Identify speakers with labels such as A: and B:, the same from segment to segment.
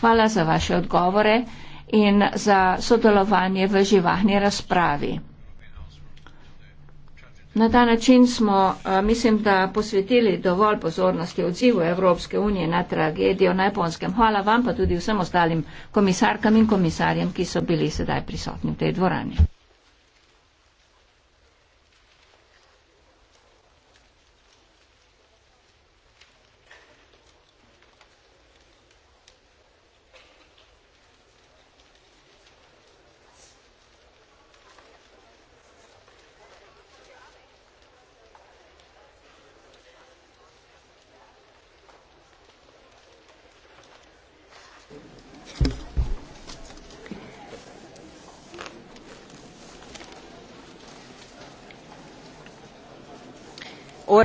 A: Hvala za vaše odgovore in za sodelovanje v živahni razpravi. Na ta način smo, mislim, da posvetili dovolj pozornosti odzivu Evropske unije na tragedijo na Japonskem. Hvala vam pa tudi vsem ostalim komisarkam in komisarjem, ki so bili sedaj prisotni v tej dvorani.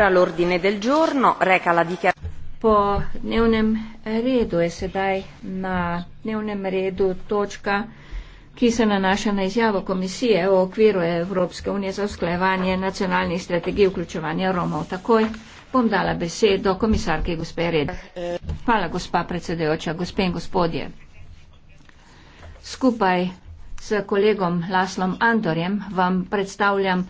A: ora l'ordine del giorno reca la dichiarazione. Po dnevnem redu je sedaj na dnevnem redu točka, ki se nanaša na izjavo komisije o okviru Evropske unije za usklajevanje nacionalnih strategij vključevanja Romov. Takoj bom dala besedo komisarki gospe Red. Hvala, gospa predsedujoča, gospe in gospodje. Skupaj s kolegom Laslom Andorjem vam predstavljam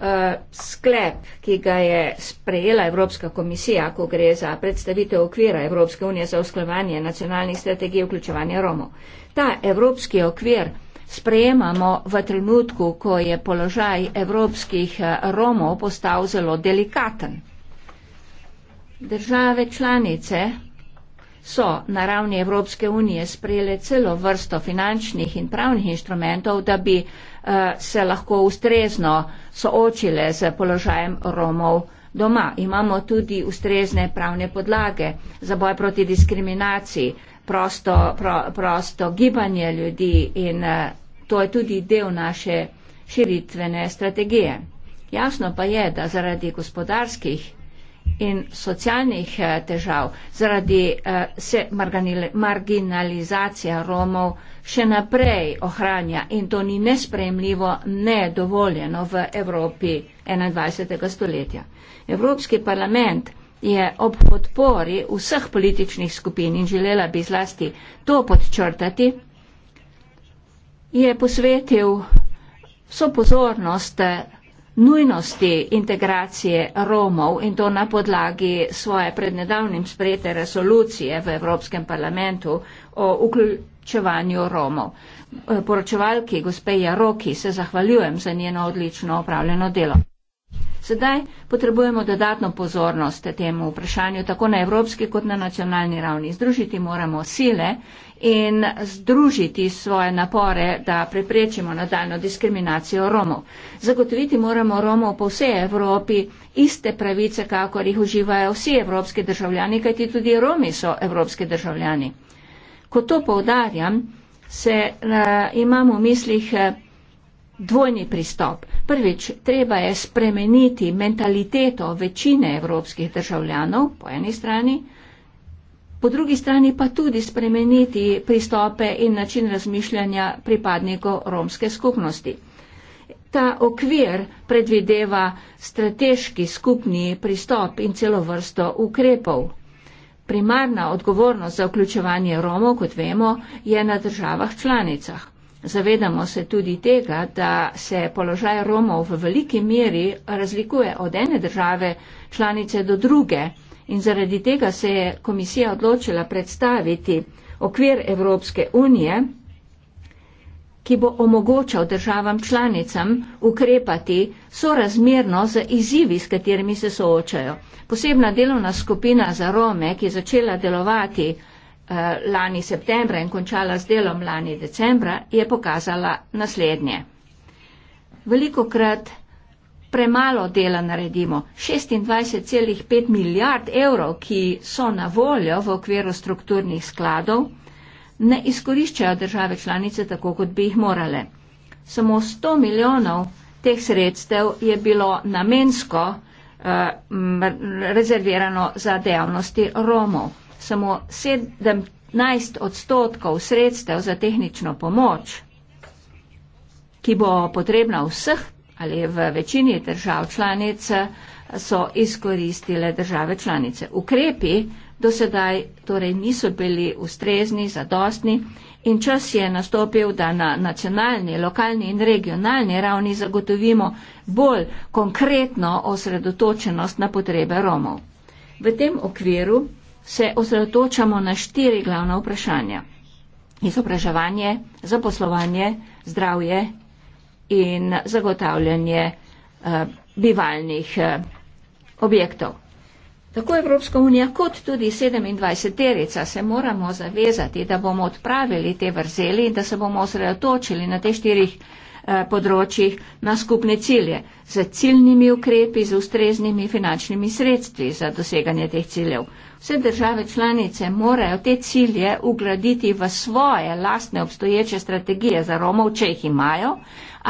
A: Eh, sklep, ki ga je sprejela Evropska komisija, ko gre za predstavitev okvira Evropske unije za usklevanje nacionalnih strategij vključevanja Romov. Ta evropski okvir sprejemamo v trenutku, ko je položaj evropskih eh, Romov postal zelo delikaten. Države članice so na ravni Evropske unije sprejele celo vrsto finančnih in pravnih inštrumentov, da bi uh, Eh, se lahko ustrezno soočile z položajem Romov doma. Imamo tudi ustrezne pravne podlage za boj proti diskriminaciji, prosto, pro, prosto gibanje ljudi in eh, to je tudi del naše širitvene strategije. Jasno pa je, da zaradi gospodarskih in socialnih eh, težav zaradi eh, se marginalizacija Romov še naprej ohranja in to ni nespremljivo, nedovoljeno v Evropi 21. stoletja. Evropski parlament je ob podpori vseh političnih skupin in želela bi zlasti to podčrtati, je posvetil vso pozornost eh, nujnosti integracije Romov in to na podlagi svoje prednedavnim sprejete resolucije v Evropskem parlamentu o vključevanju Romov. Poročevalki gospe Jaroki se zahvaljujem za njeno odlično opravljeno delo. Sedaj potrebujemo dodatno pozornost temu vprašanju tako na evropski kot na nacionalni ravni. Združiti moramo sile, in združiti svoje napore, da preprečimo nadaljno diskriminacijo Romov. Zagotoviti moramo Romov po vsej Evropi iste pravice, kakor jih uživajo vsi evropski državljani, kajti tudi Romi so evropski državljani. Ko to povdarjam, se uh, eh, imamo v mislih eh, dvojni pristop. Prvič, treba je spremeniti mentaliteto večine evropskih državljanov po eni strani, po drugi strani pa tudi spremeniti pristope in način razmišljanja pripadnikov romske skupnosti. Ta okvir predvideva strateški skupni pristop in celo vrsto ukrepov. Primarna odgovornost za vključevanje Romov, kot vemo, je na državah članicah. Zavedamo se tudi tega, da se položaj Romov v veliki meri razlikuje od ene države članice do druge in zaradi tega se je komisija odločila predstaviti okvir Evropske unije, ki bo omogočal državam članicam ukrepati sorazmerno z izzivi, s katerimi se soočajo. Posebna delovna skupina za Rome, ki je začela delovati eh, lani septembra in končala z delom lani decembra, je pokazala naslednje. Veliko krat premalo dela naredimo. 26,5 milijard evrov, ki so na voljo v okviru strukturnih skladov, ne izkoriščajo države članice tako, kot bi jih morale. Samo 100 milijonov teh sredstev je bilo namensko uh, rezervirano za dejavnosti Romov. Samo 17 odstotkov sredstev za tehnično pomoč, ki bo potrebna v vseh ali v večini držav članic eh, so izkoristile države članice. Ukrepi do sedaj torej niso bili ustrezni, zadostni in čas je nastopil, da na nacionalni, lokalni in regionalni ravni zagotovimo bolj konkretno osredotočenost na potrebe Romov. V tem okviru se osredotočamo na štiri glavna vprašanja. Izobraževanje, zaposlovanje, zdravje in zagotavljanje eh, bivalnih eh, objektov. Tako Evropska unija kot tudi 27 terica se moramo zavezati, da bomo odpravili te vrzeli in da se bomo osredotočili na te štirih Eh, področjih na skupne cilje, z ciljnimi ukrepi, z ustreznimi finančnimi sredstvi za doseganje teh ciljev. Vse države članice morajo te cilje ugraditi v svoje lastne obstoječe strategije za Romov, če jih imajo,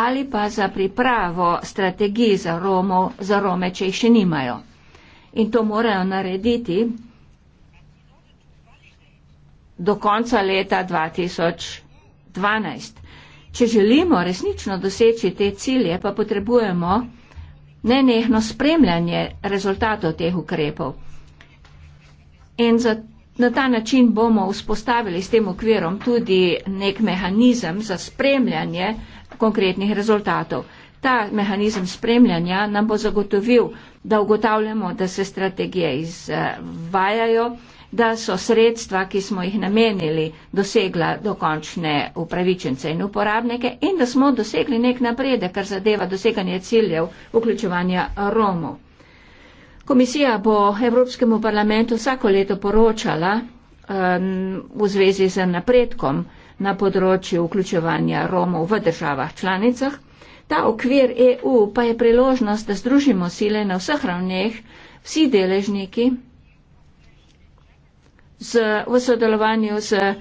A: ali pa za pripravo strategij za, Romov, za Rome, če jih še nimajo. In to morajo narediti do konca leta 2012 če želimo resnično doseči te cilje, pa potrebujemo nenehno spremljanje rezultatov teh ukrepov. In za, na ta način bomo vzpostavili s tem okvirom tudi nek mehanizem za spremljanje konkretnih rezultatov. Ta mehanizem spremljanja nam bo zagotovil, da ugotavljamo, da se strategije izvajajo. Uh, da so sredstva, ki smo jih namenili, dosegla dokončne upravičence in uporabnike in da smo dosegli nek napredek, kar zadeva doseganje ciljev vključevanja Romov. Komisija bo Evropskemu parlamentu vsako leto poročala um, v zvezi z napredkom na področju vključevanja Romov v državah članicah. Ta okvir EU pa je priložnost, da združimo sile na vseh ravneh, vsi deležniki, z, v sodelovanju z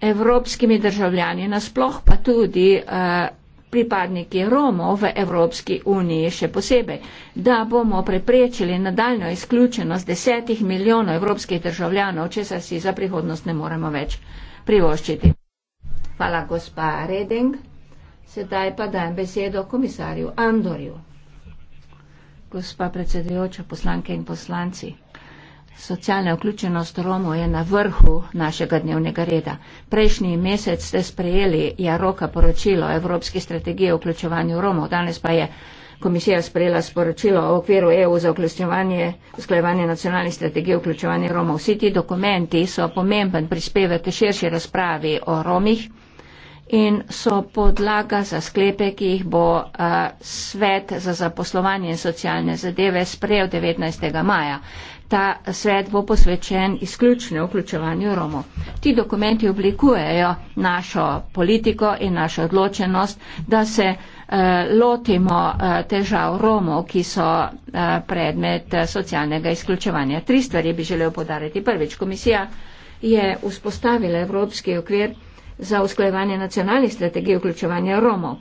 A: evropskimi državljani, nasploh pa tudi eh, pripadniki Romov v Evropski uniji še posebej, da bomo preprečili nadaljno izključenost desetih milijonov evropskih državljanov, česar si za prihodnost ne moremo več privoščiti. Hvala, gospa Reding. Sedaj pa dajem besedo komisarju Andorju. Gospa predsedujoča, poslanke in poslanci. Socialna vključenost Romov je na vrhu našega dnevnega reda. Prejšnji mesec ste sprejeli Jaroka poročilo Evropske strategije o vključevanju Romov, danes pa je komisija sprejela sporočilo o okviru EU za vključevanje nacionalnih strategij o vključevanju Romov. Vsi ti dokumenti so pomemben prispevek k širši razpravi o Romih in so podlaga za sklepe, ki jih bo uh, svet za zaposlovanje in socialne zadeve sprejel 19. maja ta svet bo posvečen izključno vključevanju Romov. Ti dokumenti oblikujejo našo politiko in našo odločenost, da se eh, lotimo eh, težav Romov, ki so eh, predmet eh, socialnega izključevanja. Tri stvari bi želel podariti. Prvič, komisija je vzpostavila Evropski okvir za usklajevanje nacionalnih strategij vključevanja Romov.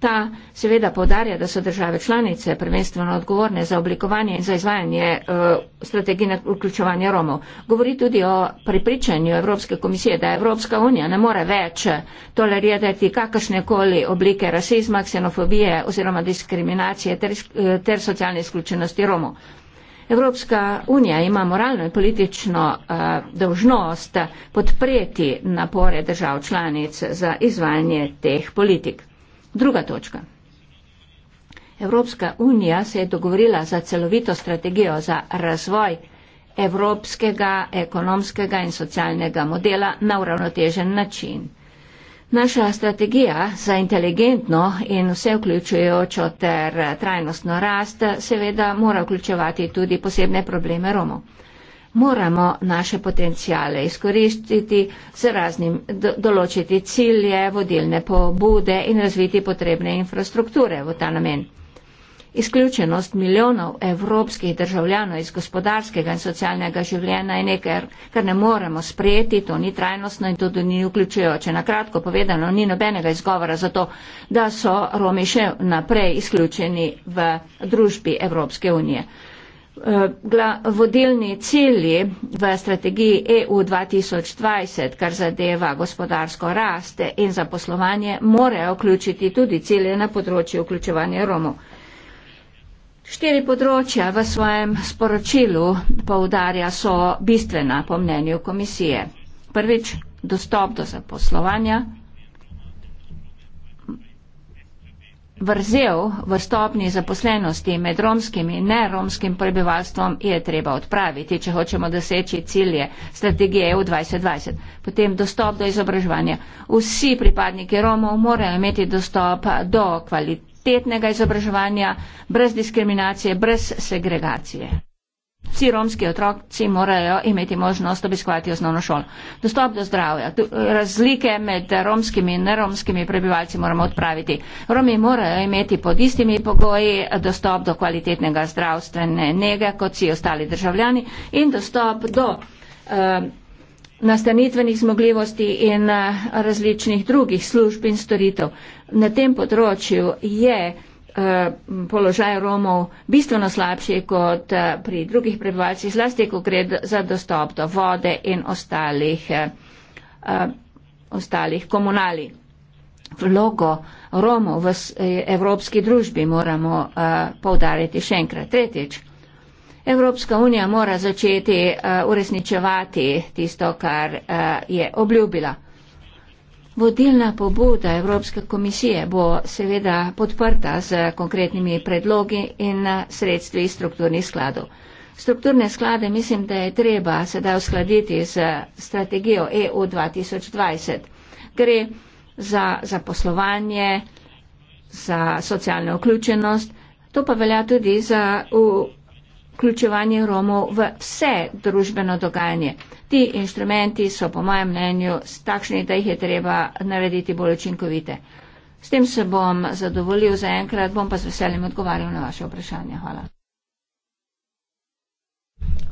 A: Ta seveda podarja, da so države članice prvenstveno odgovorne za oblikovanje in za izvajanje uh, eh, strategije vključevanja Romov. Govori tudi o pripričanju Evropske komisije, da Evropska unija ne more več tolerirati kakršne koli oblike rasizma, ksenofobije oziroma diskriminacije ter, eh, ter socialne izključenosti Romov. Evropska unija ima moralno in politično uh, eh, dožnost podpreti napore držav članic za izvajanje teh politik. Druga točka. Evropska unija se je dogovorila za celovito strategijo za razvoj evropskega ekonomskega in socialnega modela na uravnotežen način. Naša strategija za inteligentno in vse vključujočo ter trajnostno rast seveda mora vključevati tudi posebne probleme Romov moramo naše potencijale izkoristiti, se raznim do, določiti cilje, vodilne pobude in razviti potrebne infrastrukture v ta namen. Izključenost milijonov evropskih državljanov iz gospodarskega in socialnega življenja je nekaj, kar ne moremo sprejeti, to ni trajnostno in tudi ni vključujoče. Na kratko povedano, ni nobenega izgovora za to, da so Romi še naprej izključeni v družbi Evropske unije vodilni celi v strategiji EU 2020, kar zadeva gospodarsko rast in zaposlovanje, morajo vključiti tudi cilje na področju vključevanja Romov. Štiri področja v svojem sporočilu poudarja so bistvena po mnenju komisije. Prvič, dostop do zaposlovanja, Vrzel v stopni zaposlenosti med romskim in neromskim prebivalstvom je treba odpraviti, če hočemo doseči cilje strategije EU 2020. Potem dostop do izobraževanja. Vsi pripadniki Romov morajo imeti dostop do kvalitetnega izobraževanja brez diskriminacije, brez segregacije. Vsi romski otroci morajo imeti možnost obiskovati osnovno šolo. Dostop do zdravja. Razlike med romskimi in neromskimi prebivalci moramo odpraviti. Romi morajo imeti pod istimi pogoji dostop do kvalitetnega zdravstvene nege kot vsi ostali državljani in dostop do uh, nastanitvenih zmogljivosti in uh, različnih drugih služb in storitev. Na tem področju je. Eh, položaj Romov bistveno slabši kot eh, pri drugih prebivalcih, zlasti, ko gre za dostop do vode in ostalih, eh, ostalih komunali. Vlogo Romov v evropski družbi moramo povdariti še enkrat. Tretjič. Evropska unija mora začeti uresničevati tisto, kar je obljubila. Vodilna pobuda Evropske komisije bo seveda podprta z konkretnimi predlogi in eh, sredstvi strukturnih skladov. Strukturne sklade mislim, da je treba sedaj uskladiti z strategijo EU 2020. Gre za zaposlovanje, za socialno vključenost, to pa velja tudi za vključevanje Romov v vse družbeno dogajanje. Ti inštrumenti so po mojem mnenju takšni, da jih je treba narediti bolj učinkovite. S tem se bom zadovoljil za enkrat, bom pa z veseljem odgovarjal na vaše vprašanje. Hvala.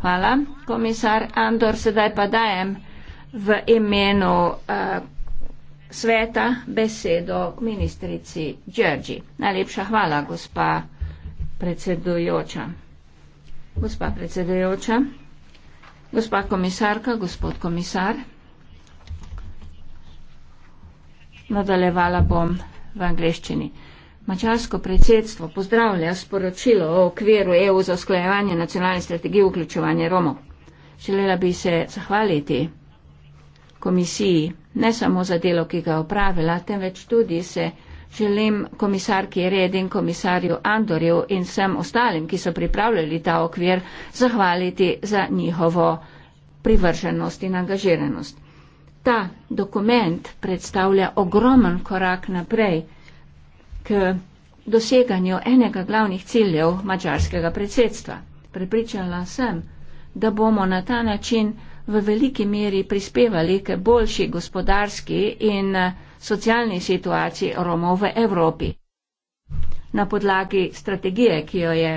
A: Hvala, komisar Andor. Sedaj pa dajem v imenu uh, sveta besedo ministrici Džerđi. Najlepša hvala, gospa predsedujoča. Gospa predsedajoča, gospa komisarka, gospod komisar, nadaljevala bom v angleščini. Mačarsko predsedstvo pozdravlja sporočilo o okviru EU za usklajevanje nacionalne strategije vključevanja Romov. Želela bi se zahvaliti komisiji ne samo za delo, ki ga je opravila, temveč tudi se Želim komisarki Redin, komisarju Andorju in vsem ostalim, ki so pripravljali ta okvir, zahvaliti za njihovo privrženost in angažiranost. Ta dokument predstavlja ogromen korak naprej k doseganju enega glavnih ciljev mačarskega predsedstva. Pripričala sem, da bomo na ta način v veliki meri prispevali k boljši gospodarski in socialni situaciji Romov v Evropi. Na podlagi strategije, ki jo je,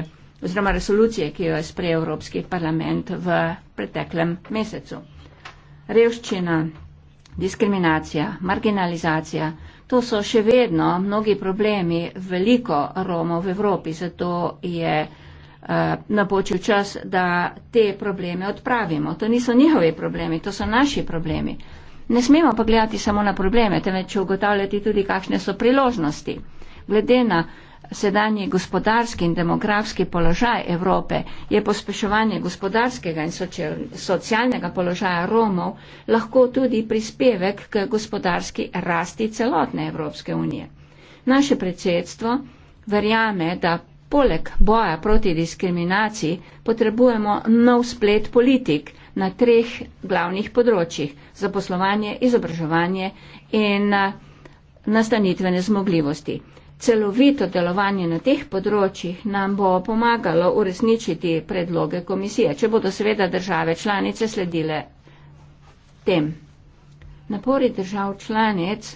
A: oziroma resolucije, ki jo je sprejel Evropski parlament v preteklem mesecu. Revščina, diskriminacija, marginalizacija, to so še vedno mnogi problemi veliko Romov v Evropi, zato je eh, napočil čas, da te probleme odpravimo. To niso njihovi problemi, to so naši problemi. Ne smemo pa gledati samo na probleme, temveč ugotavljati tudi, kakšne so priložnosti. Glede na sedanji gospodarski in demografski položaj Evrope je pospeševanje gospodarskega in socialnega položaja Romov lahko tudi prispevek k gospodarski rasti celotne Evropske unije. Naše predsedstvo verjame, da Poleg boja proti diskriminaciji potrebujemo nov splet politik na treh glavnih področjih - zaposlovanje, izobraževanje in eh, nastanitvene zmogljivosti. Celovito delovanje na teh področjih nam bo pomagalo uresničiti predloge komisije, če bodo seveda države članice sledile tem. Napori držav članic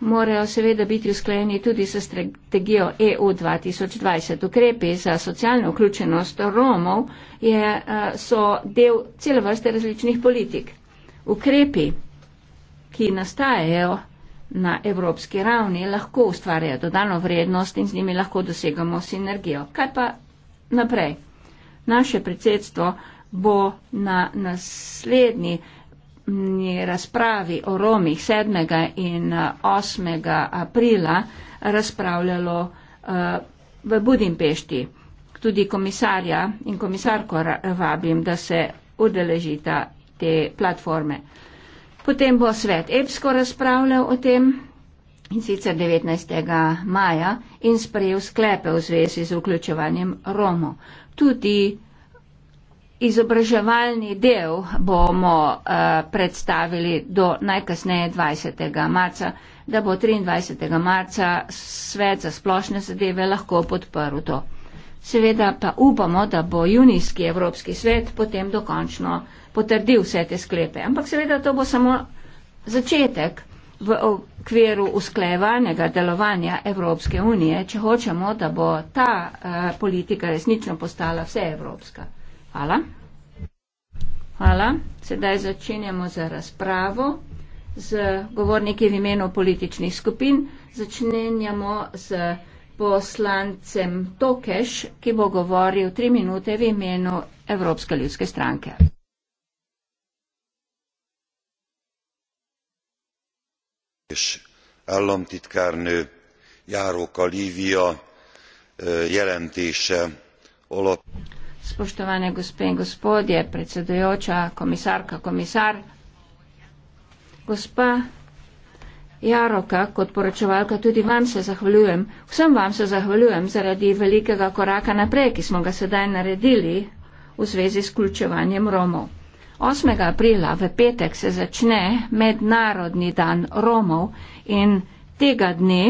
A: morajo seveda biti usklajeni tudi s strategijo EU 2020. Ukrepi za socialno vključenost Romov je, eh, so del cele vrste različnih politik. Ukrepi, ki nastajajo na evropski ravni, lahko ustvarjajo dodano vrednost in z njimi lahko dosegamo sinergijo. Kaj pa naprej? Naše predsedstvo bo na naslednji razpravi o Romih 7. in 8. Eh, aprila razpravljalo eh, v Budimpešti. Tudi komisarja in komisarko vabim, da se udeležita te platforme. Potem bo svet EPSKO razpravljal o tem in sicer 19. maja in sprejel sklepe v zvezi z vključevanjem Romo. Tudi Izobraževalni del bomo uh, predstavili do najkasneje 20. marca, da bo 23. marca svet za splošne zadeve lahko podprl to. Seveda pa upamo, da bo junijski Evropski svet potem dokončno potrdil vse te sklepe. Ampak seveda to bo samo začetek v okviru usklejevanega delovanja Evropske unije, če hočemo, da bo ta uh, politika resnično postala vseevropska. Hvala. Hvala. Sedaj začenjamo za razpravo z govorniki v imenu političnih skupin. Začenjamo z poslancem Tokeš, ki bo govoril tri minute v imenu Evropske ljudske stranke.
B: Államtitkárnő Járóka Lívia jelentése alap
A: spoštovane gospe in gospodje, predsedujoča, komisarka, komisar. Gospa Jaroka, kot poročevalka, tudi vam se zahvaljujem, vsem vam se zahvaljujem zaradi velikega koraka naprej, ki smo ga sedaj naredili v zvezi s ključevanjem Romov. 8. aprila v petek se začne Mednarodni dan Romov in tega dne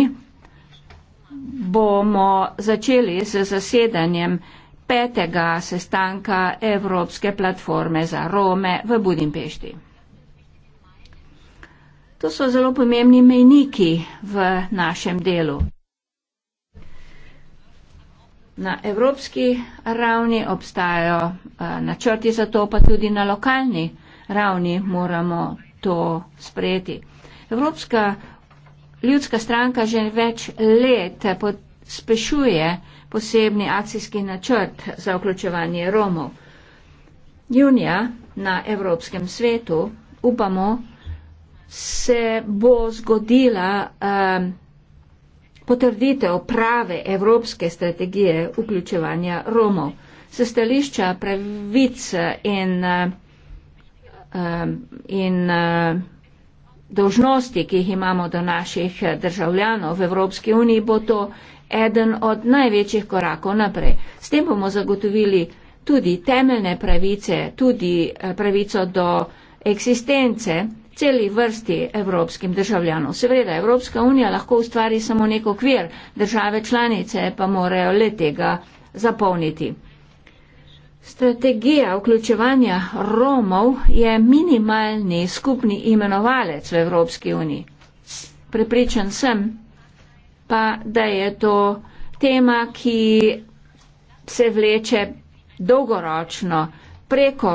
A: bomo začeli z zasedanjem petega sestanka Evropske platforme za Rome v Budimpešti. To so zelo pomembni mejniki v našem delu. Na evropski ravni obstajajo eh, načrti za to, pa tudi na lokalni ravni moramo to sprejeti. Evropska ljudska stranka že več let pospešuje posebni akcijski načrt za vključevanje Romov. Junija na Evropskem svetu, upamo, se bo zgodila um, potrditev prave evropske strategije vključevanja Romov. Se stališča pravic in, um, in uh, dožnosti, ki jih imamo do naših državljanov v Evropski uniji, bo to eden od največjih korakov naprej. S tem bomo zagotovili tudi temeljne pravice, tudi eh, pravico do eksistence celi vrsti evropskim državljanov. Seveda, Evropska unija lahko ustvari samo nek okvir, države članice pa morajo le tega zapolniti. Strategija vključevanja Romov je minimalni skupni imenovalec v Evropski uniji. Prepričan sem, pa da je to tema, ki se vleče dolgoročno preko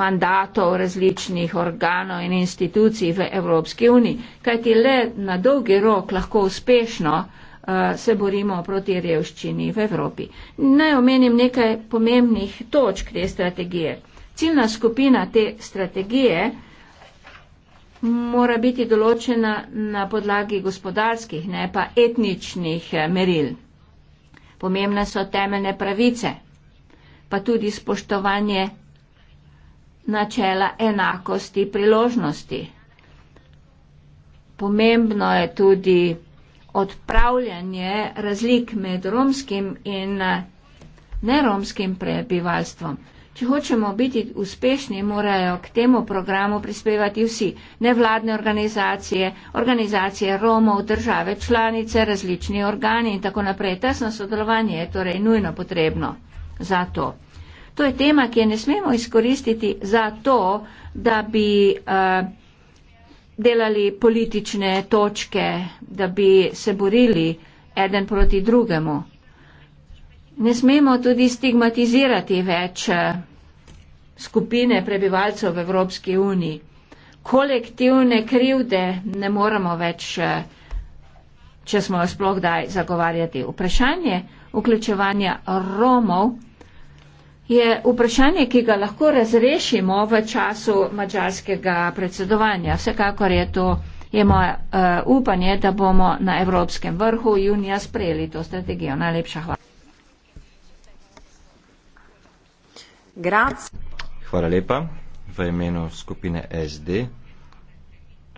A: mandatov različnih organov in institucij v Evropski uniji, kajti le na dolgi rok lahko uspešno uh, se borimo proti revščini v Evropi. Naj omenim nekaj pomembnih točk te strategije. Ciljna skupina te strategije uh, mora biti določena na podlagi gospodarskih, ne pa etničnih eh, meril. Pomembne so temeljne pravice, pa tudi spoštovanje načela enakosti priložnosti. Pomembno je tudi odpravljanje razlik med romskim in eh, neromskim prebivalstvom. Če hočemo biti uspešni, morajo k temu programu prispevati vsi nevladne organizacije, organizacije Romov, države članice, različni organi in tako naprej. Tesno sodelovanje je torej nujno potrebno za to. To je tema, ki je ne smemo izkoristiti za to, da bi uh, delali politične točke, da bi se borili eden proti drugemu ne smemo tudi stigmatizirati več eh, skupine prebivalcev v Evropski uniji. Kolektivne krivde ne moramo več, eh, če smo jo sploh daj zagovarjati. Vprašanje vključevanja Romov je vprašanje, ki ga lahko razrešimo v času mačarskega predsedovanja. Vsekakor je to je moje uh, upanje, da bomo na Evropskem vrhu junija sprejeli to strategijo. Najlepša hvala. Hvala
B: lepa. V imenu skupine SD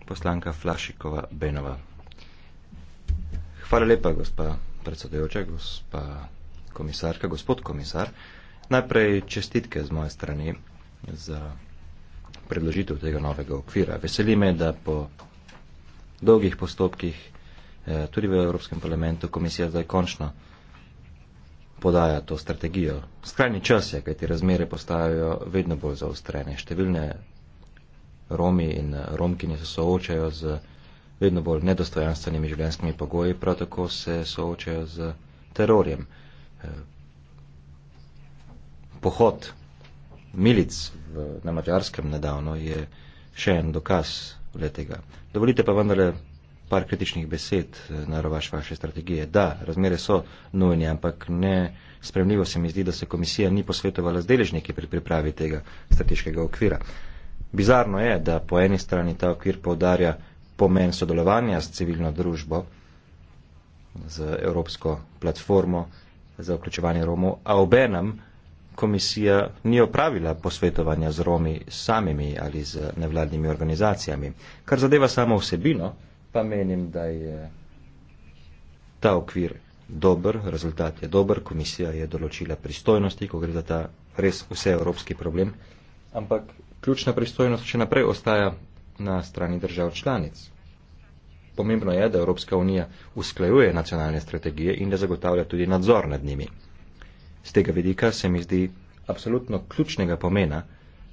B: poslanka Flašikova Benova. Hvala lepa, gospa predsedujoča, gospa komisarka, gospod komisar. Najprej čestitke z moje strani za predložitev tega novega okvira. Veseli me, da po dolgih postopkih eh, tudi v Evropskem parlamentu komisija zdaj končno podaja to strategijo. Skrajni čas je, kajti razmere postajajo vedno bolj zaostrene. Številne Romi in eh, Romkinje se soočajo z vedno bolj nedostojanstvenimi življenjskimi pogoji, prav tako se soočajo z terorjem. Eh, pohod milic v, na Mačarskem nedavno je še en dokaz letega. Dovolite pa vendarle par kritičnih besed eh, na rovaš vaše strategije. Da, razmere so nujne, ampak ne spremljivo se mi zdi, da se komisija ni posvetovala z deležniki pri pripravi tega strateškega okvira. Bizarno je, da po eni strani ta okvir povdarja pomen sodelovanja z civilno družbo, z Evropsko platformo za vključevanje Romov, a obenem komisija ni opravila posvetovanja z Romi samimi ali z nevladnimi organizacijami. Kar zadeva samo vsebino, pa menim, da je ta okvir dober, rezultat je dober, komisija je določila pristojnosti, ko gre za ta res vseevropski problem, ampak ključna pristojnost še naprej ostaja na strani držav članic. Pomembno je, da Evropska unija usklajuje nacionalne strategije in da zagotavlja tudi nadzor nad njimi. Z tega vidika se mi zdi absolutno ključnega pomena,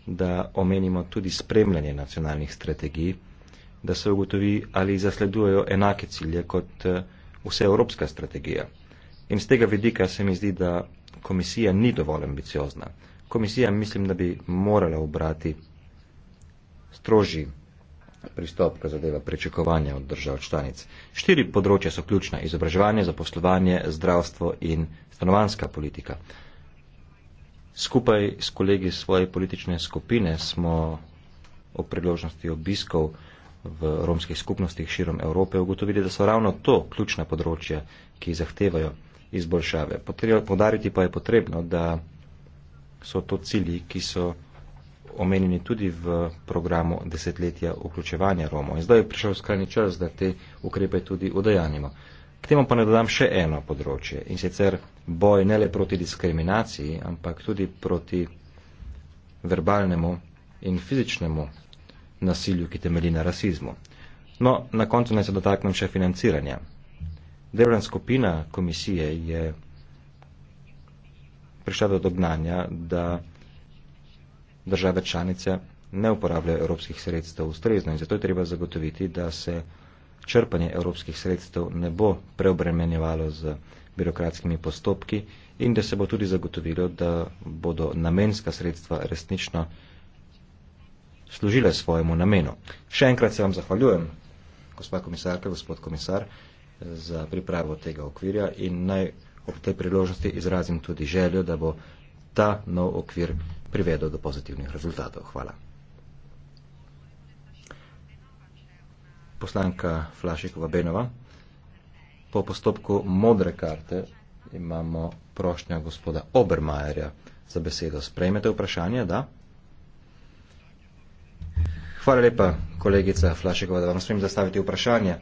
B: da omenimo tudi spremljanje nacionalnih strategij da se ugotovi, ali zasledujejo enake cilje kot eh, vse evropska strategija. In z tega vidika se mi zdi, da komisija ni dovolj ambiciozna. Komisija mislim, da bi morala obrati strožji pristop, ko zadeva pričakovanja od držav članic. Štiri področja so ključna. Izobraževanje, zaposlovanje, zdravstvo in stanovanska politika. Skupaj s kolegi svoje politične skupine smo o priložnosti obiskov v romskih skupnostih širom Evrope ugotovili, da so ravno to ključna področja, ki zahtevajo izboljšave. Podariti pa je potrebno, da so to cilji, ki so omenjeni tudi v programu desetletja vključevanja Romov. In zdaj je prišel skrajni čas, da te ukrepe tudi udajanimo. K temu pa ne dodam še eno področje in sicer boj ne le proti diskriminaciji, ampak tudi proti verbalnemu in fizičnemu nasilju, ki temelji na rasizmu. No, na koncu naj se dotaknem še financiranja. Debran skupina komisije je prišla do dognanja, da države članice ne uporabljajo evropskih sredstev ustrezno in zato je treba zagotoviti, da se črpanje evropskih sredstev ne bo preobremenjevalo z birokratskimi postopki in da se bo tudi zagotovilo, da bodo namenska sredstva resnično služile svojemu namenu. Še enkrat se vam zahvaljujem, gospa komisarka, gospod komisar, za pripravo tega okvirja in naj ob tej priložnosti izrazim tudi željo, da bo ta nov okvir privedel do pozitivnih rezultatov. Hvala. Poslanka Flašikova Benova. Po postopku modre karte imamo prošnja gospoda Obermajerja za besedo. Sprejmete vprašanje? Da. Hvala lepa, kolegica Flašekova, da vam smem zastaviti vprašanje.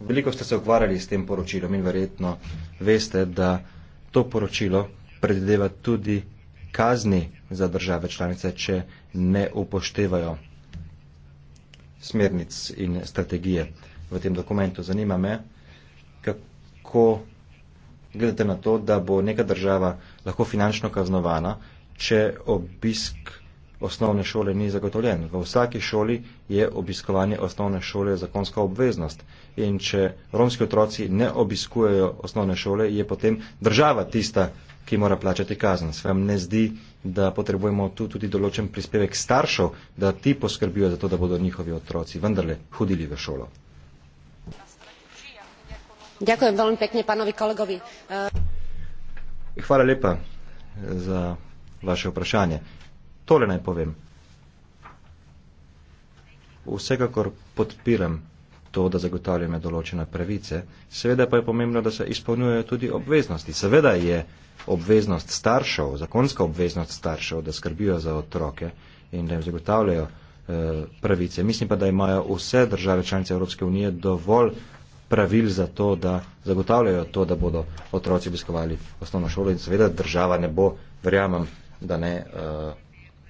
B: Veliko ste se ukvarjali s tem poročilom in verjetno veste, da to poročilo predvideva tudi kazni za države članice, če ne upoštevajo smernic in strategije v tem dokumentu. Zanima me, kako gledate na to, da bo neka država lahko finančno kaznovana, če obisk osnovne šole ni zagotovljen. V vsaki šoli je obiskovanje osnovne šole zakonska obveznost. In če romski otroci ne obiskujejo osnovne šole, je potem država tista, ki mora plačati kazen. Se vam ne zdi, da potrebujemo tu tudi določen prispevek staršev, da ti poskrbijo za to, da bodo njihovi otroci vendarle hodili v šolo.
A: Ďakujem veľmi pekne pánovi kolegovi.
B: Hvala lepa za vaše vprašanje tole naj povem. Vsekakor podpiram to, da zagotavljame določene pravice, seveda pa je pomembno, da se izpolnjujejo tudi obveznosti. Seveda je obveznost staršev, zakonska obveznost staršev, da skrbijo za otroke in da jim zagotavljajo eh, pravice. Mislim pa, da imajo vse države članice Evropske unije dovolj pravil za to, da zagotavljajo to, da bodo otroci obiskovali osnovno šolo in seveda država ne bo, verjamem, da ne. Uh,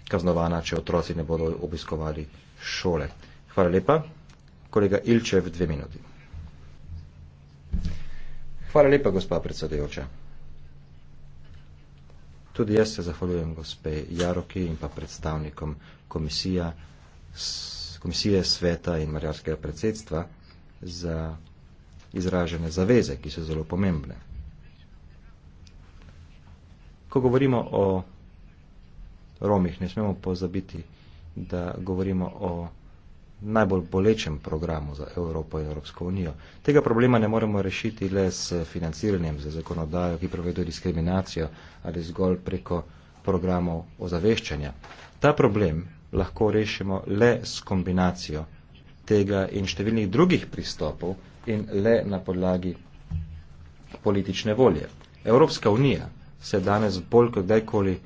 B: kaznovana, če otroci ne bodo obiskovali šole. Hvala lepa. Kolega Ilčev, dve minuti. Hvala lepa, gospa predsedujoča. Tudi jaz se zahvaljujem gospe Jaroki in pa predstavnikom komisija, komisije sveta in marjarskega predsedstva za izražene zaveze, ki so zelo pomembne. Ko govorimo o Romih. Ne smemo pozabiti, da govorimo o najbolj bolečem programu za Evropo in Evropsko unijo. Tega problema ne moremo rešiti le s financiranjem za zakonodajo, ki prevedo diskriminacijo ali zgolj preko programov ozaveščanja. Ta problem lahko rešimo le s kombinacijo tega in številnih drugih pristopov in le na podlagi politične volje. Evropska unija se danes bolj kot dajkoli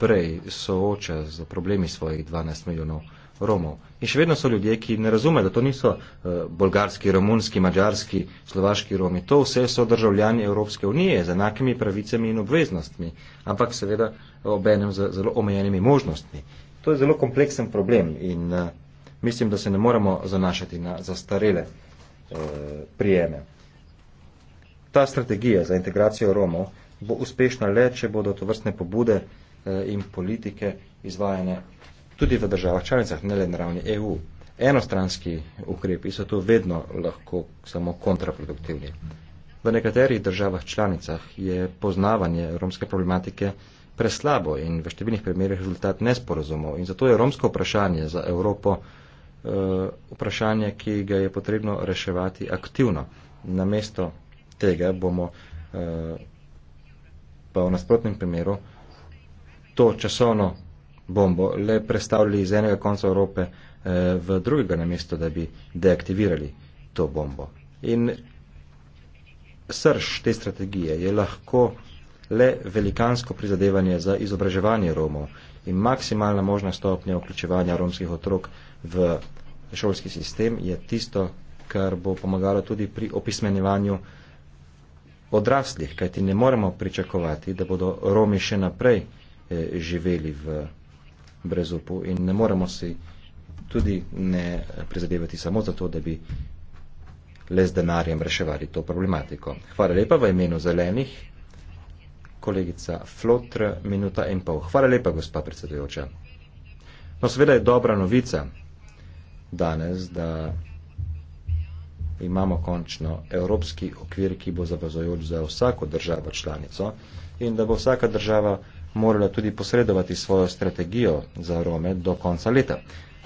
B: prej sooča z problemi svojih 12 milijonov Romov. In še vedno so ljudje, ki ne razumejo, da to niso uh, bolgarski, romunski, mađarski, slovaški Romi. To vse so državljani Evropske unije z enakimi pravicami in obveznostmi, ampak seveda obenem z zelo omejenimi možnostmi. To je zelo kompleksen problem in uh, mislim, da se ne moramo zanašati na zastarele uh, prijeme. Ta strategija za integracijo Romov bo uspešna le, če bodo to vrstne pobude uh, Eh, in politike izvajane tudi v državah članicah, ne le na ravni EU. Enostranski ukrepi so tu vedno lahko samo kontraproduktivni. V nekaterih državah članicah je poznavanje romske problematike preslabo in v številnih primerih rezultat nesporazumov. In zato je romsko vprašanje za Evropo eh, vprašanje, ki ga je potrebno reševati aktivno. Namesto tega bomo eh, pa v nasprotnem primeru to časovno bombo le prestavili iz enega konca Evrope eh, v drugega namesto, da bi deaktivirali to bombo. In srž te strategije je lahko le velikansko prizadevanje za izobraževanje Romov in maksimalna možna stopnja vključevanja romskih otrok v šolski sistem je tisto, kar bo pomagalo tudi pri opismenjevanju odraslih, kajti ne moremo pričakovati, da bodo Romi še naprej Eh, živeli v brezupu in ne moremo si tudi ne prizadevati samo zato, da bi le z denarjem reševali to problematiko. Hvala lepa v imenu zelenih, kolegica Flotr, minuta in pol. Hvala lepa, gospa predsedujoča. No, seveda je dobra novica danes, da imamo končno evropski okvir, ki bo zavazojoč za vsako državo članico in da bo vsaka država morala tudi posredovati svojo strategijo za Rome do konca leta.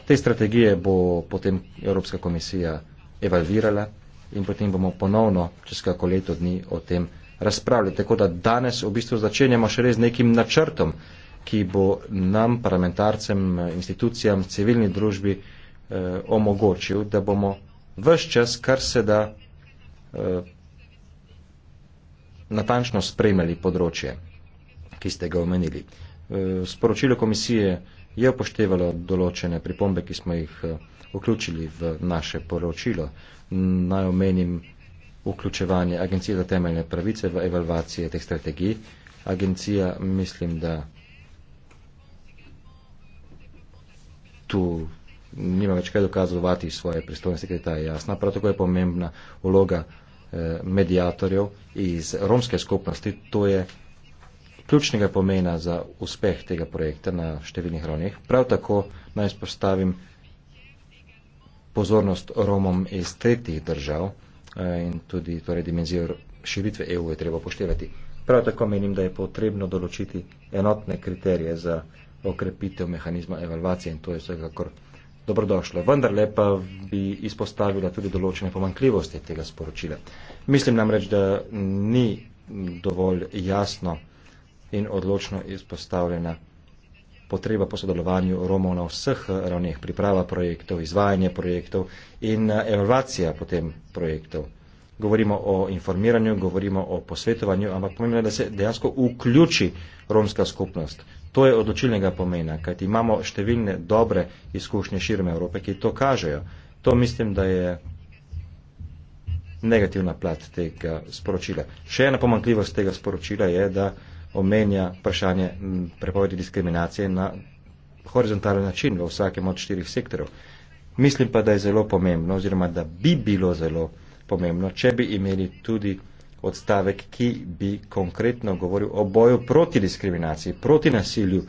B: Te strategije bo potem Evropska komisija evalvirala in potem bomo ponovno čez kako leto dni o tem razpravljali. Tako da danes v bistvu začenjamo še res nekim načrtom, ki bo nam, parlamentarcem, institucijam, civilni družbi eh, omogočil, da bomo vse čas, kar se da, eh, natančno spremljali področje ki ste ga omenili. E, sporočilo komisije je upoštevalo določene pripombe, ki smo jih e, vključili v naše poročilo. Naj omenim vključevanje Agencije za temeljne pravice v evalvacije teh strategij. Agencija mislim, da tu nima več kaj dokazovati svoje pristojnosti, ker je ta jasna. Prav tako je pomembna vloga e, medijatorjev iz romske skupnosti. To je ključnega pomena za uspeh tega projekta na številnih ravneh. Prav tako naj spostavim pozornost Romom iz tretjih držav eh, in tudi torej, dimenzijo širitve EU je treba poštevati. Prav tako menim, da je potrebno določiti enotne kriterije za okrepitev mehanizma evalvacije in to je vsekakor dobrodošlo. Vendar lepa bi izpostavila tudi določene pomankljivosti tega sporočila. Mislim namreč, da ni dovolj jasno, in odločno izpostavljena potreba po sodelovanju Romov na vseh ravneh, priprava projektov, izvajanje projektov in eh, evaluacija potem projektov. Govorimo o informiranju, govorimo o posvetovanju, ampak pomembno je, da se dejansko vključi romska skupnost. To je odločilnega pomena, kajti imamo številne dobre izkušnje širme Evrope, ki to kažejo. To mislim, da je negativna plat tega sporočila. Še ena pomankljivost tega sporočila je, da omenja vprašanje prepovedi diskriminacije na horizontalen način v vsakem od štirih sektorov. Mislim pa, da je zelo pomembno, oziroma da bi bilo zelo pomembno, če bi imeli tudi odstavek, ki bi konkretno govoril o boju proti diskriminaciji, proti nasilju, e,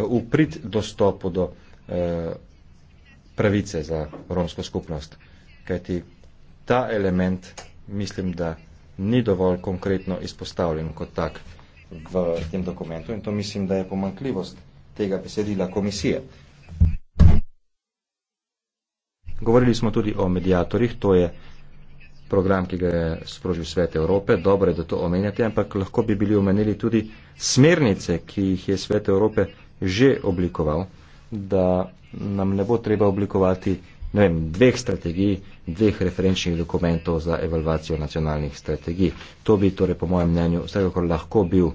B: v prid dostopu do e, pravice za romsko skupnost. Kajti ta element mislim, da ni dovolj konkretno izpostavljen kot tak v tem dokumentu in to mislim, da je pomankljivost tega besedila komisije. Govorili smo tudi o medijatorjih, to je program, ki ga je sprožil Svet Evrope. Dobro je, da to omenjate, ampak lahko bi bili omenili tudi smernice, ki jih je Svet Evrope že oblikoval, da nam ne bo treba oblikovati ne vem, dveh strategij, dveh referenčnih dokumentov za evalvacijo nacionalnih strategij. To bi torej po mojem mnenju vsekakor lahko bil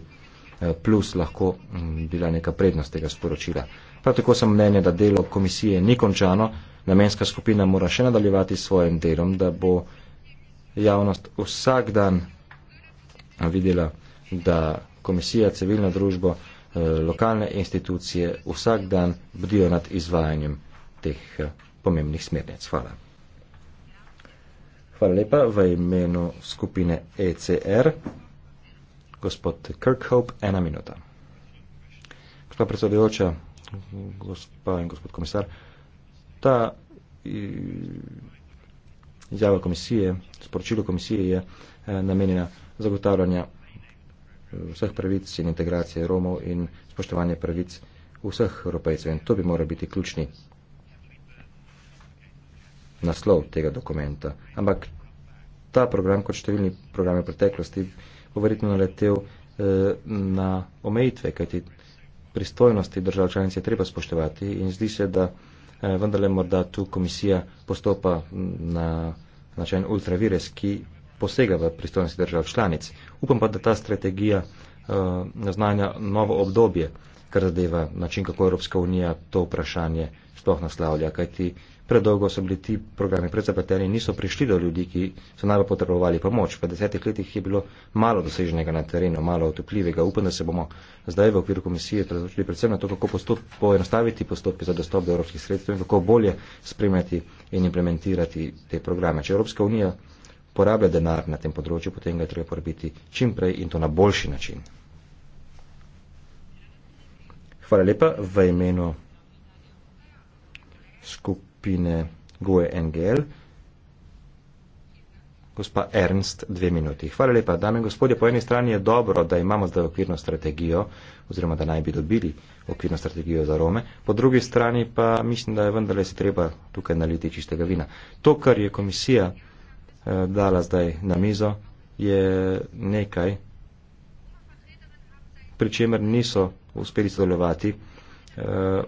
B: eh, plus, lahko mm, bila neka prednost tega sporočila. Prav tako sem mnenja, da delo komisije ni končano, namenska skupina mora še nadaljevati s svojim delom, da bo javnost vsak dan videla, da komisija, civilna družba, eh, lokalne institucije vsak dan bdijo nad izvajanjem teh eh, pomembnih smernic. Hvala. Hvala lepa v imenu skupine ECR. Gospod Kirkhope, ena minuta. Gospa predsedujoča, gospa in gospod komisar, ta izjava komisije, sporočilo komisije je e, namenjena zagotavljanja e, vseh pravic in integracije Romov in spoštovanje pravic vseh Evropejcev. In to bi moral biti ključni naslov tega dokumenta. Ampak ta program, kot številni programe preteklosti, bo verjetno naletel eh, na omejitve, kajti pristojnosti držav članic je treba spoštovati in zdi se, da eh, vendarle morda tu komisija postopa na način ultravires, ki posega v pristojnosti držav članic. Upam pa, da ta strategija eh, naznanja novo obdobje kar zadeva način, kako Evropska unija to vprašanje sploh naslavlja. Kajti predolgo so bili ti programi predzapleteni, niso prišli do ljudi, ki so najbolj potrebovali pomoč. V desetih letih je bilo malo doseženega na terenu, malo otopljivega. Upam, da se bomo zdaj v okviru komisije prezočili predvsem na to, kako postop, poenostaviti postopke za dostop do evropskih sredstev in kako bolje spremljati in implementirati te programe. Če Evropska unija porablja denar na tem področju, potem ga je treba porabiti čim prej in to na boljši način. Hvala lepa v imenu skupine Goe NGL. Gospa Ernst, dve minuti. Hvala lepa. Dame in gospodje, po eni strani je dobro, da imamo zdaj okvirno strategijo, oziroma da naj bi dobili okvirno strategijo za Rome. Po drugi strani pa mislim, da je vendarle si treba tukaj naliti čistega vina. To, kar je komisija eh, dala zdaj na mizo, je nekaj, pri čemer niso uspeli sodelovati eh,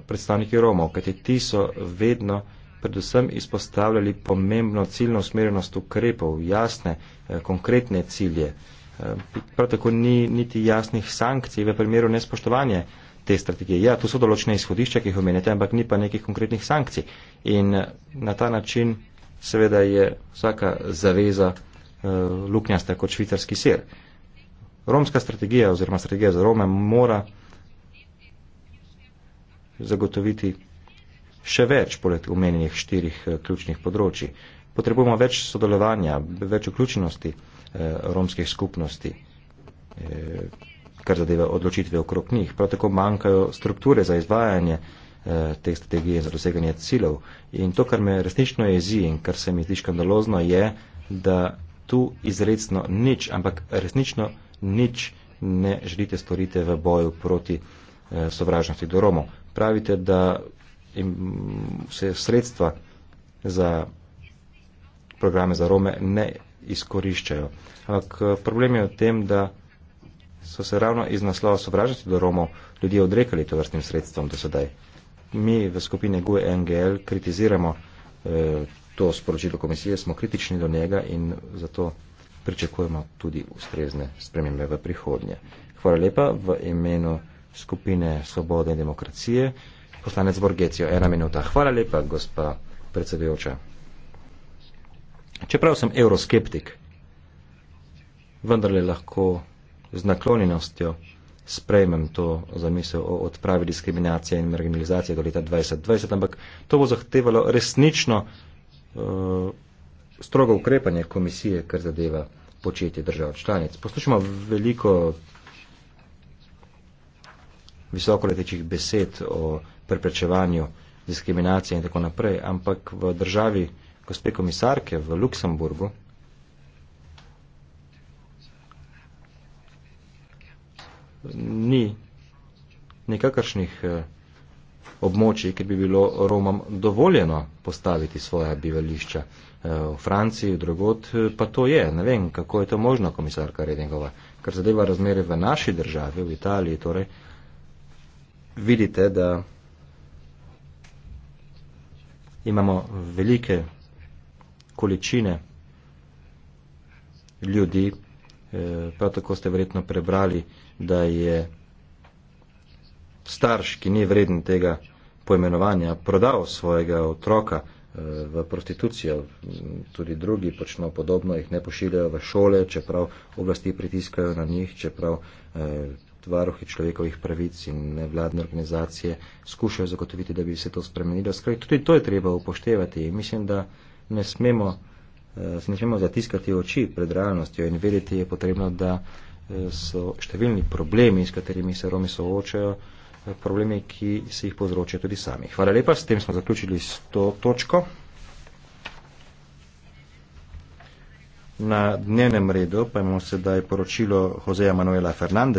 B: predstavniki Romov, kajte ti so vedno predvsem izpostavljali pomembno ciljno usmerjenost ukrepov, jasne, eh, konkretne cilje. Eh, prav tako ni niti jasnih sankcij v primeru nespoštovanja te strategije. Ja, tu so določene izhodišča, ki jih omenjate, ampak ni pa nekih konkretnih sankcij. In na ta način seveda je vsaka zaveza luknjasta kot švicarski sir. Romska strategija oziroma strategija za Rome mora zagotoviti še več poleg omenjenih štirih eh, ključnih področji. Potrebujemo več sodelovanja, več vključenosti eh, romskih skupnosti, eh, kar zadeva odločitve okrog njih. Prav tako manjkajo strukture za izvajanje te strategije za doseganje ciljev. In to, kar me resnično jezi in kar se mi zdi škandalozno, je, da tu izredno nič, ampak resnično nič ne želite storiti v boju proti sovražnosti do Romov pravite da im se sredstva za programe za Rome ne izkoriščajo. Ampak eh, problem je v tem, da so se ravno iz naslova sovražnosti do Romov ljudje odrekali to vrstnim sredstvom do sedaj. Mi v skupini GUE NGL kritiziramo eh, to sporočilo komisije, smo kritični do njega in zato pričakujemo tudi ustrezne spremembe v prihodnje. Hvala lepa v imenu skupine Svobode in demokracije, poslanec Borgecijo. Ena minuta. Hvala lepa, gospa predsedujoča. Čeprav sem euroskeptik, vendar le lahko z naklonjenostjo sprejmem to zamisel o odpravi diskriminacije in marginalizacije do leta 2020, ampak to bo zahtevalo resnično uh, strogo ukrepanje komisije, kar zadeva početje držav članic. Poslušamo veliko visokoletečih besed o preprečevanju diskriminacije in tako naprej, ampak v državi gospe komisarke v Luksemburgu ni nekakršnih eh, območij, ki bi bilo Romom dovoljeno postaviti svoja bivališča eh, v Franciji, v drugod, eh, pa to je. Ne vem, kako je to možno, komisarka Redingova. Kar zadeva razmere v naši državi, v Italiji, torej, vidite, da imamo velike količine ljudi. Eh, prav tako ste verjetno prebrali, da je starš, ki ni vreden tega poimenovanja, prodal svojega otroka eh, v prostitucijo. Tudi drugi počno podobno, jih ne pošiljajo v šole, čeprav oblasti pritiskajo na njih, čeprav eh, varuhi človekovih pravic in nevladne organizacije skušajo zagotoviti, da bi se to spremenilo. Skratka, tudi to je treba upoštevati. Mislim, da ne smemo, eh, se ne smemo zatiskati oči pred realnostjo in vedeti je potrebno, da eh, so številni problemi, s katerimi se Romi soočajo, eh, problemi, ki se jih povzročajo tudi sami. Hvala lepa, s tem smo zaključili s to točko. Na dnevnem redu pa imamo sedaj poročilo Joseja Manuela Fernandez.